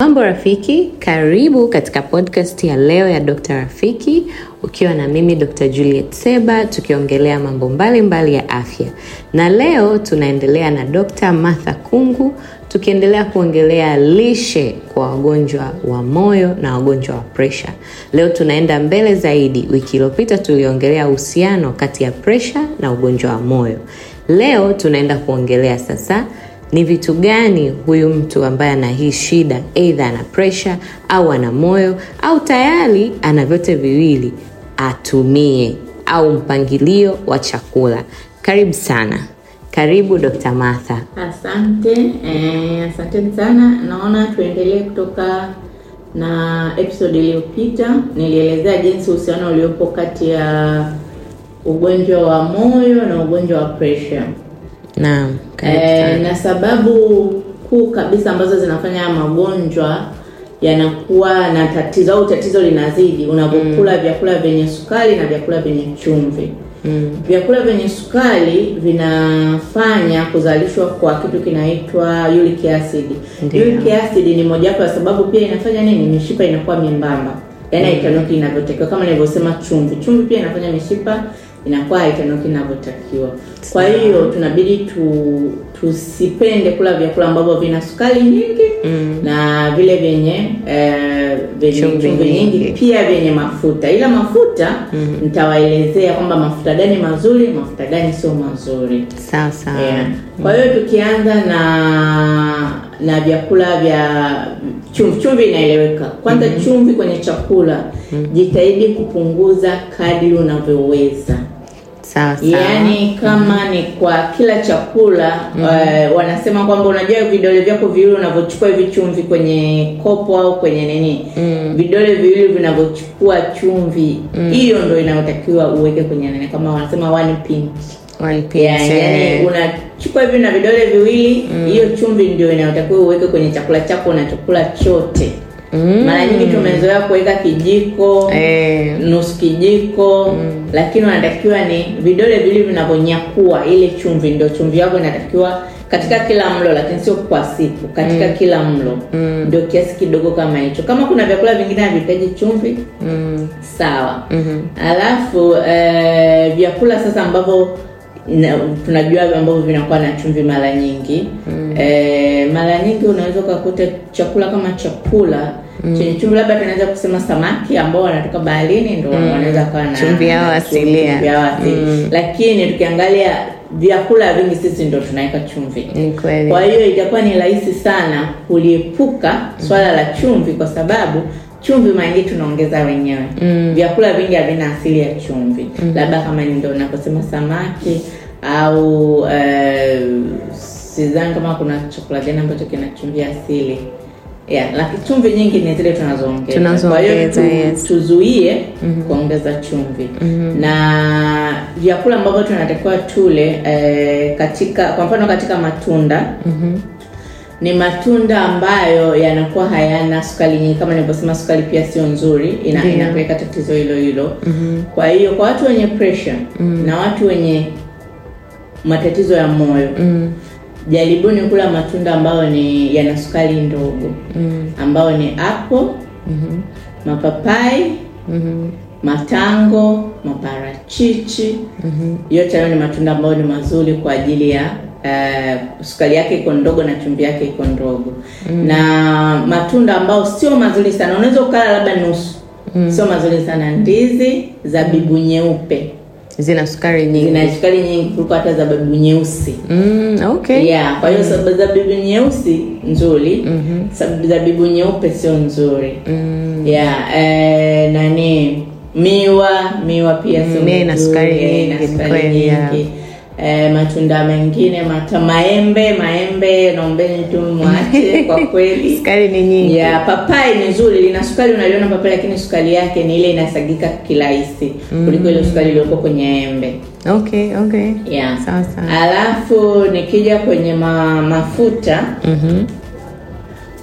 Mambo rafiki, karibu katika podcast ya leo ya Dokta Rafiki, ukiwa na mimi dr Juliet Seba, tukiongelea mambo mbalimbali mbali ya afya, na leo tunaendelea na Dokta Martha Kungu, tukiendelea kuongelea lishe kwa wagonjwa wa moyo na wagonjwa wa presha. Leo tunaenda mbele zaidi. Wiki iliyopita tuliongelea uhusiano kati ya presha na ugonjwa wa moyo. Leo tunaenda kuongelea sasa ni vitu gani huyu mtu ambaye ana hii shida, eidha ana presha au ana moyo au tayari ana vyote viwili, atumie au mpangilio wa chakula. Karibu sana. Karibu Dr. Martha. Asante eh, asanteni sana. Naona tuendelee kutoka na episode iliyopita. Nilielezea jinsi uhusiano uliopo kati ya ugonjwa wa moyo na ugonjwa wa pressure. Naam. E, na sababu kuu kabisa ambazo zinafanya magonjwa yanakuwa na tatizo au tatizo linazidi unapokula mm. vyakula vyenye sukari na vyakula vyenye chumvi. Mm. Vyakula vyenye sukari vinafanya kuzalishwa kwa kitu kinaitwa uric acid. Uric acid ni mojawapo ya sababu pia inafanya nini, mishipa inakuwa mimbamba yaani haitanuki mm. inavyotakiwa, kama nilivyosema chumvi. Chumvi pia inafanya mishipa inakuwa haitanoki inavyotakiwa. Kwa hiyo tunabidi tu, tusipende kula vyakula ambavyo vina sukari nyingi mm. na vile vyenye eh, vyenye chumvi nyingi pia vyenye mafuta, ila mafuta mm. nitawaelezea kwamba mafuta gani mazuri, mafuta gani sio mazuri. Sawa sawa. Yeah. Mm. Kwa hiyo tukianza na na vyakula vya chumvi. Chumvi inaeleweka kwanza. mm -hmm. Chumvi kwenye chakula mm -hmm. jitahidi kupunguza kadri unavyoweza sawa Yaani kama ni kwa kila chakula mm. Uh, wanasema kwamba unajua vidole vyako viwili unavyochukua hivi chumvi kwenye kopo au kwenye nini mm. vidole viwili vinavyochukua chumvi mm. hiyo mm. ndio inayotakiwa uweke kwenye nini, kama wanasema one pinch one pinch yeah, Yani yaani eh. unachukua hivi na vidole viwili mm. hiyo mm. chumvi ndio inayotakiwa uweke kwenye chakula chako unachokula chote mm. mara nyingi mm. tumezoea kuweka kijiko eh. nusu kijiko mm lakini wanatakiwa ni vidole vile vinavyonyakua ile chumvi, ndio chumvi yako inatakiwa katika kila mlo, lakini sio kwa siku, katika mm. kila mlo mm. ndio kiasi kidogo kama hicho. Kama kuna vyakula vingine havihitaji chumvi mm. sawa mm-hmm. Alafu e, vyakula sasa ambavyo tunajua ambavyo vinakuwa na chumvi mara nyingi mm. E, mara nyingi unaweza ukakuta chakula kama chakula mm. chumvi labda tunaweza kusema samaki ambao wanatoka baharini ndo mm. wanaweza kuwa na chumvi yao asilia mm. lakini tukiangalia vyakula vingi sisi ndo tunaweka chumvi Nikweli. kwa hiyo itakuwa ni rahisi sana kuliepuka swala mm. la chumvi kwa sababu chumvi maingi tunaongeza wenyewe mm. vyakula vingi havina asili ya chumvi mm. labda kama ndo naposema samaki au uh, eh, sizani kama kuna chakula gani ambacho kina chumvi asili yeah, chumvi nyingi ni zile tunazoongeza kwa yes. tuzuie mm -hmm. kuongeza chumvi mm -hmm. na vyakula ambavyo tunatakiwa tule eh, katika kwa mfano katika matunda mm -hmm ni matunda ambayo yanakuwa hayana sukari nyingi. Kama nilivyosema, sukari pia sio nzuri, ina yeah. inakuweka tatizo hilo hilo mm -hmm. Kwa hiyo kwa watu wenye pressure mm -hmm. na watu wenye matatizo ya moyo mm -hmm jaribuni kula matunda ambayo ni yana sukari ndogo mm. ambayo ni apple mm-hmm. mapapai mm-hmm. matango maparachichi mm-hmm. yote hayo ni matunda ambayo ni mazuri kwa ajili ya uh, sukari yake iko ndogo na chumbi yake iko ndogo mm. na matunda ambayo sio mazuri sana unaweza ukala labda nusu mm. sio mazuri sana ndizi zabibu nyeupe zina sukari nyingi, zina sukari nyingi kuliko hata zabibu nyeusi. Mm, okay. Yeah, kwa hiyo mm. -hmm. zabibu nyeusi nzuri, mm -hmm. zabibu nyeupe sio nzuri. Mm. -hmm. Yeah, eh, nani miwa miwa pia mm, sio ina sukari nyingi, yeah, e, matunda mengine mata maembe maembe naombeni tu mwache kwa kweli sukari ni nyingi ya papai ni nzuri lina sukari unaliona papai lakini sukari yake ni ile inasagika kirahisi mm. kuliko ile sukari iliyoko kwenye embe okay okay yeah. sawa sawa alafu nikija kwenye ma, mafuta mm-hmm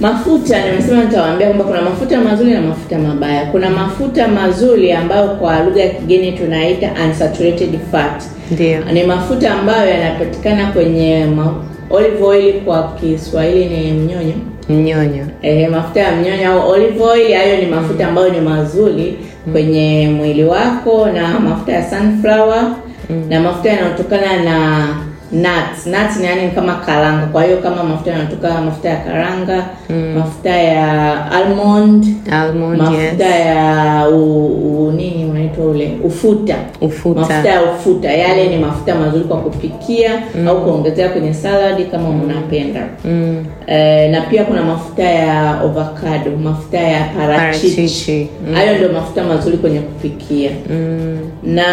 mafuta nimesema nitawaambia kwamba kuna mafuta mazuri na mafuta mabaya kuna mafuta mazuri ambayo kwa lugha ya kigeni tunaita unsaturated fat mm Ndiyo. Ni mafuta ambayo yanapatikana kwenye olive oil, kwa Kiswahili ni mnyonyo. Mnyonyo. Eh, mafuta ya mnyonyo au olive oil, hayo ni mafuta ambayo ni mazuri mm. kwenye mwili wako na mm. mafuta ya sunflower mm. na mafuta yanayotokana na nuts. Nuts ni yani kama karanga. Kwa hiyo kama mafuta yanatoka mafuta ya karanga, mm. mafuta ya almond, almond mafuta yes. ya u, u, nini unaitwa ule ufuta. ufuta mafuta ya ufuta yale ni mafuta mazuri kwa kupikia mm. au kuongezea kwenye saladi kama mm. unapenda mm. E, na pia kuna mafuta ya avocado, mafuta ya parachichi mm. hayo mm. ndio mafuta mazuri kwenye kupikia mm. na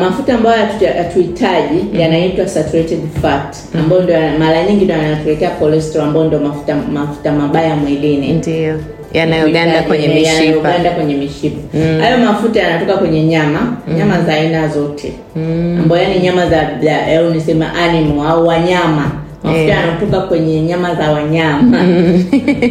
mafuta ambayo hatuhitaji mm. yanaitwa saturated saturated fat ambayo ndio mara nyingi ndio yanatuletea cholesterol ambayo ndio mafuta mafuta mabaya mwilini ndio yanayoganda yaani, yaani, yaani, kwenye mishipa yanayoganda kwenye mishipa hayo mm. mafuta yanatoka kwenye nyama mm. nyama za aina zote mm. ambayo yani nyama za au nisema animal au wanyama mafuta yeah. yanatoka kwenye nyama za wanyama mm.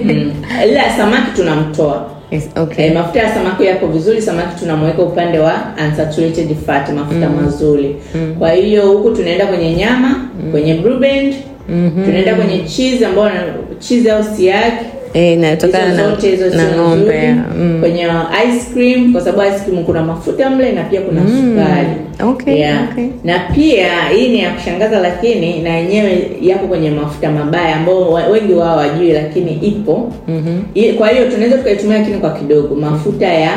Mm. ila mm. samaki tunamtoa Yes, okay. E, mafuta ya samaki yako vizuri. Samaki tunamweka upande wa unsaturated fat, mafuta mm. mazuri mm. Kwa hiyo huku tunaenda kwenye nyama mm. kwenye blue band mm -hmm. tunaenda kwenye cheese ambayo cheese au siagi Eh, inayotokana na, na ng'ombe mm. kwenye ice cream, kwa sababu ice cream kuna mafuta mle na pia kuna mm. sukari okay, yeah. okay. na pia hii ni ya kushangaza, lakini na yenyewe yapo kwenye mafuta mabaya ambao wengi wao wajui, lakini ipo mm -hmm. kwa hiyo tunaweza tukaitumia, lakini kwa kidogo mafuta ya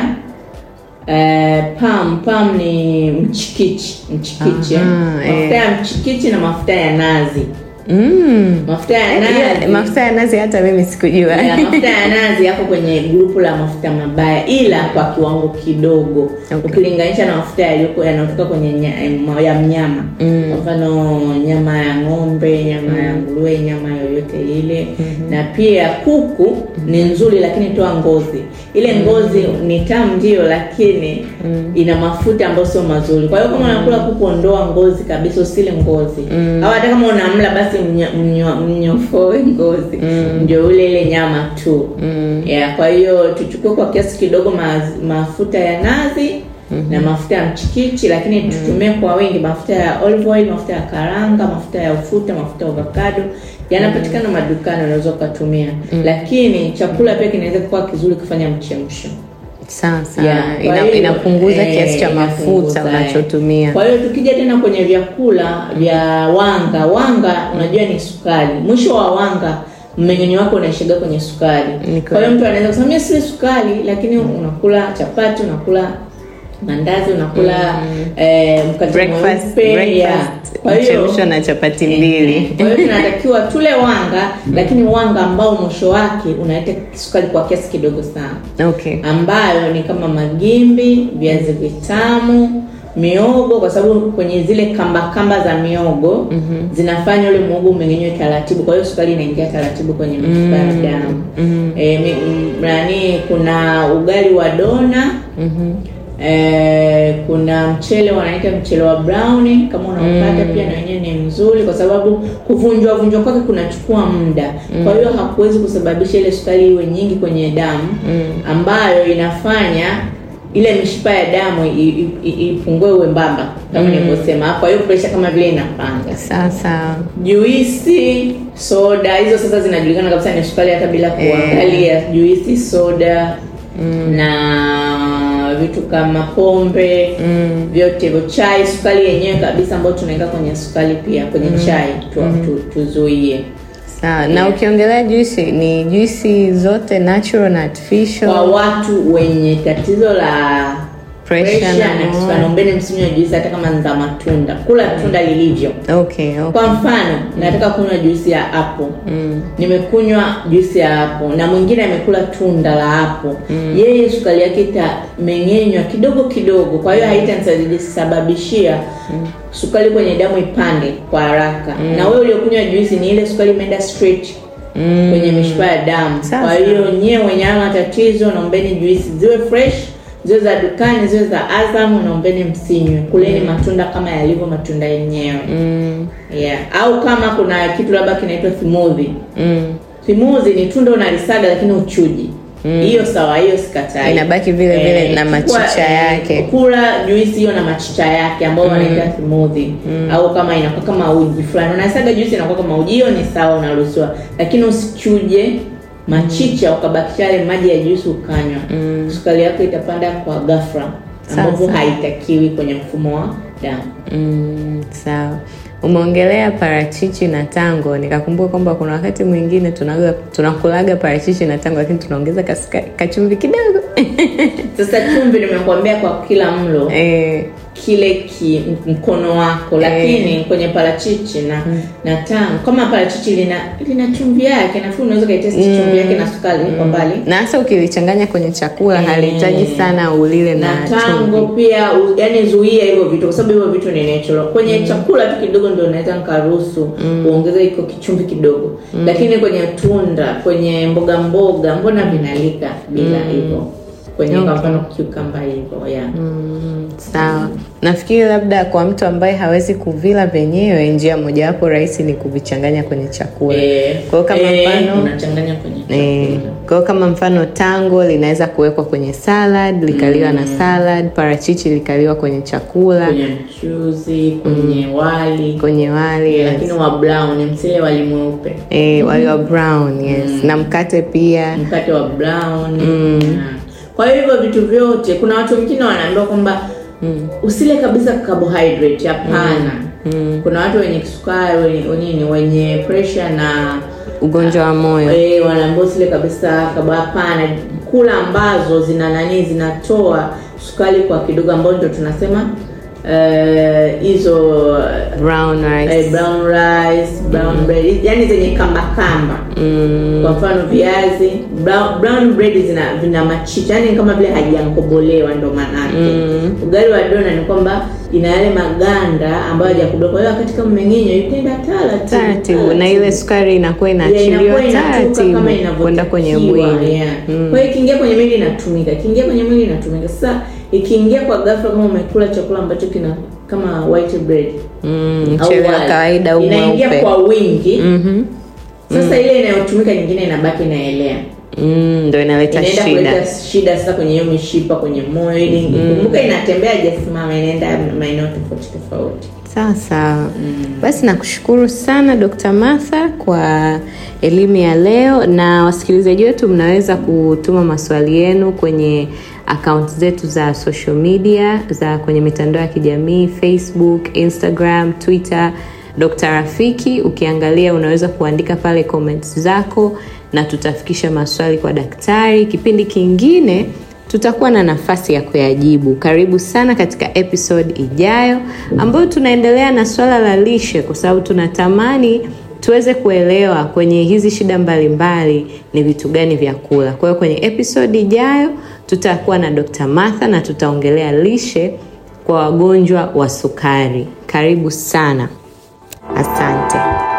Uh, pam pam ni mchikichi mchikichi, eh. mafuta ya mchikichi na mafuta ya nazi Mm. mafuta ya yaani nazi. Mafuta ya nazi hata mimi sikujua. mafuta ya nazi yako kwenye grupu la mafuta mabaya, ila kwa kiwango kidogo okay. Ukilinganisha na mafuta yaliyoko yanayotoka kwenye nya, eh, ya mnyama mm. Kwa mfano nyama ya ng'ombe, nyama mm. ya nguruwe, nyama yoyote ile mm -hmm. na pia kuku ni mm. nzuri lakini toa ngozi ile mm. ngozi ni tamu ndio lakini mm. ina mafuta ambayo sio mazuri kwa hiyo kama mm. unakula mm. kuku ondoa ngozi kabisa usile ngozi mm. au hata kama unamla basi mnyofoe ngozi mm. ndio ule ile nyama tu mm. yeah, kwa hiyo tuchukue kwa kiasi kidogo ma, mafuta ya nazi -hmm. na mafuta ya mchikichi lakini mm -hmm. tutumie kwa wingi mafuta ya olive oil mafuta ya karanga mafuta ya ufuta mafuta ya avocado yanapatikana mm -hmm. madukani unaweza ukatumia mm -hmm. lakini chakula pia kinaweza kuwa kizuri kufanya mchemsho sasa yeah, ina, inapunguza ee, kiasi cha mafuta unachotumia. Kwa hiyo tukija tena kwenye vyakula mhm. vya wanga, wanga unajua ni sukari, mwisho wa wanga mmeng'enyo wako unaishiga kwenye sukari. Kwa hiyo mtu anaweza kusema mimi si sukari, lakini mhm. unakula chapati, unakula mandazi unakula mm. Eh, na chapati eh, mbili eh. kwa tunatakiwa tule wanga mm. lakini wanga ambao mwisho wake unaleta sukari kwa kiasi kidogo sana okay. ambayo ni kama magimbi viazi vitamu miogo kwa sababu kwenye zile kamba kamba za miogo mm-hmm. zinafanya ule mwogo umengenywe taratibu kwa hiyo sukari inaingia taratibu kwenye mifupa ya mm-hmm. damu mm-hmm. e, mi, nani kuna ugali wa dona mm-hmm Eh, kuna mchele wanaita mchele wa brown kama unaopata mm. Pia na wenyewe ni mzuri, kwa sababu kuvunjwa vunjwa kwake kunachukua muda mm. Kwa hiyo mm. hakuwezi kusababisha ile sukari iwe nyingi kwenye damu mm. ambayo inafanya ile mishipa ya damu ipungue mbamba kama mm. nilivyosema. Kwa hiyo presha kama vile inapanga. Sasa juisi, soda hizo sasa zinajulikana kabisa ni sukari hata bila kuangalia eh. Juisi, soda mm. na vitu kama pombe mm. vyote hivyo chai sukari yenyewe kabisa ambayo tunaweka kwenye sukari pia kwenye mm. chai tu, mm. tu, tuzuie Ah, yeah. na ukiongelea juisi ni juisi zote natural na artificial kwa watu wenye tatizo la naombeni msinywe juisi hata kama za matunda, kula tunda lilivyo. Okay, okay. Kwa mfano mm. nataka kunywa juisi ya apple mm. nimekunywa juisi ya apple na mwingine amekula tunda la apple mm. yeye sukari yake itamengenywa kidogo kidogo, kwa hiyo mm. haitanisababishia mm. sukari kwenye damu ipande kwa haraka mm. na wewe uliokunywa juisi ni ile sukari imeenda straight Mm. kwenye mishipa ya damu. Kwa hiyo nyewe wenye haya matatizo, naombeni juisi ziwe fresh ziwe za dukani ziwe za Azam, naombeni msinywe, kuleni mm. matunda kama yalivyo matunda yenyewe mm. yeah. au kama kuna kitu labda kinaitwa smoothie mm. smoothie ni tunda unalisaga lakini uchuji mm. hiyo mm. sawa, hiyo sikatai, inabaki vile vile eh, na machicha eh, yake. Kula juisi hiyo na machicha yake ambayo mm. wanaita smoothie mm. au kama inakuwa kama uji fulani unasaga juisi inakuwa kama uji, hiyo ni sawa, unaruhusiwa, lakini usichuje machicha, ukabakisha yale maji ya juisi ukanywa, mm. sukari yako itapanda kwa ghafla, ambapo haitakiwi kwenye mfumo wa damu. Mm, sawa. Umeongelea parachichi na tango, nikakumbuka kwamba kuna wakati mwingine tunakulaga parachichi na tango, lakini tunaongeza kachumvi kidogo. Sasa chumvi nimekuambia kwa kila mlo eh kile ki mkono wako eh. lakini e. kwenye parachichi na mm. na tamu kama parachichi lina lina chumvi yake nafikiri unaweza kaitesti mm. chumvi yake na sukari mm. kwa mbali na hasa ukilichanganya kwenye chakula e. halihitaji sana ulile na, na tango pia yani zuia hivyo vitu kwa sababu hivyo vitu ni natural kwenye mm. chakula tu kidogo ndio unaweza nikaruhusu mm. uongeze iko kichumvi kidogo mm. lakini kwenye tunda kwenye mboga mboga mbona vinalika bila mm. hivyo kwenye okay. kwa mfano cucumber hivyo yeah mm. Sawa, nafikiri labda kwa mtu ambaye hawezi kuvila vyenyewe, njia mojawapo rahisi ni kuvichanganya kwenye chakula e, kwa hiyo kama e, mfano unachanganya kwenye eh, chakula. kama mfano tango linaweza kuwekwa kwenye salad likaliwa mm. na salad, parachichi likaliwa kwenye chakula, kwenye mchuzi, kwenye mm. wali, kwenye wali yes. Lakini wa brown msile wali mweupe e, wali wa brown yes mm. na mkate pia, mkate wa brown mm. Ah. Kwa hiyo hivyo vitu vyote, kuna watu wengine wanaambiwa kwamba mm. usile kabisa carbohydrate hapana mm. mm. kuna watu wenye kisukari wenye, wenye, wenye pressure na ugonjwa wa moyo e, eh, wanaambia usile kabisa kaba hapana kula ambazo zina nani zinatoa sukari kwa kidogo ambao ndio tunasema Eh, hizo brown rice, uh, brown rice brown mm. bread yani zenye kamba kamba mm. kwa mfano viazi brown, brown bread zina vina machicha yani kama vile hajakobolewa ndo maanake mm. ugali wa dona ni kwamba ina yale maganda ambayo hajakobolewa kwa hiyo katika mmeng'enyo itaenda taratibu na ile sukari inakuwa inaachiliwa taratibu kwenda kwenye mwili yeah. mm. kwa hiyo ikiingia kwenye mwili inatumika ikiingia kwenye mwili inatumika sasa ikiingia kwa ghafla kama umekula chakula ambacho kina kama white bread mm, au kawaida au mweupe inaingia kwa wingi mm-hmm. sasa mm. ile inayotumika nyingine inabaki inaelea mm, inaleta shida, kuleta shida sasa kwenye hiyo mishipa kwenye moyo ili mm. inatembea jasimama inaenda maeneo tofauti tofauti sawa sawa mm. basi nakushukuru sana d martha kwa elimu ya leo na wasikilizaji wetu mnaweza kutuma maswali yenu kwenye akaunti zetu za social media za kwenye mitandao ya kijamii facebook instagram twitter dr rafiki ukiangalia unaweza kuandika pale comments zako na tutafikisha maswali kwa daktari. Kipindi kingine tutakuwa na nafasi ya kuyajibu. Karibu sana katika episode ijayo ambayo tunaendelea na swala la lishe, kwa sababu tunatamani tuweze kuelewa kwenye hizi shida mbalimbali mbali, ni vitu gani vya kula. Kwa hiyo kwenye episode ijayo tutakuwa na Dr. Martha na tutaongelea lishe kwa wagonjwa wa sukari. Karibu sana, asante.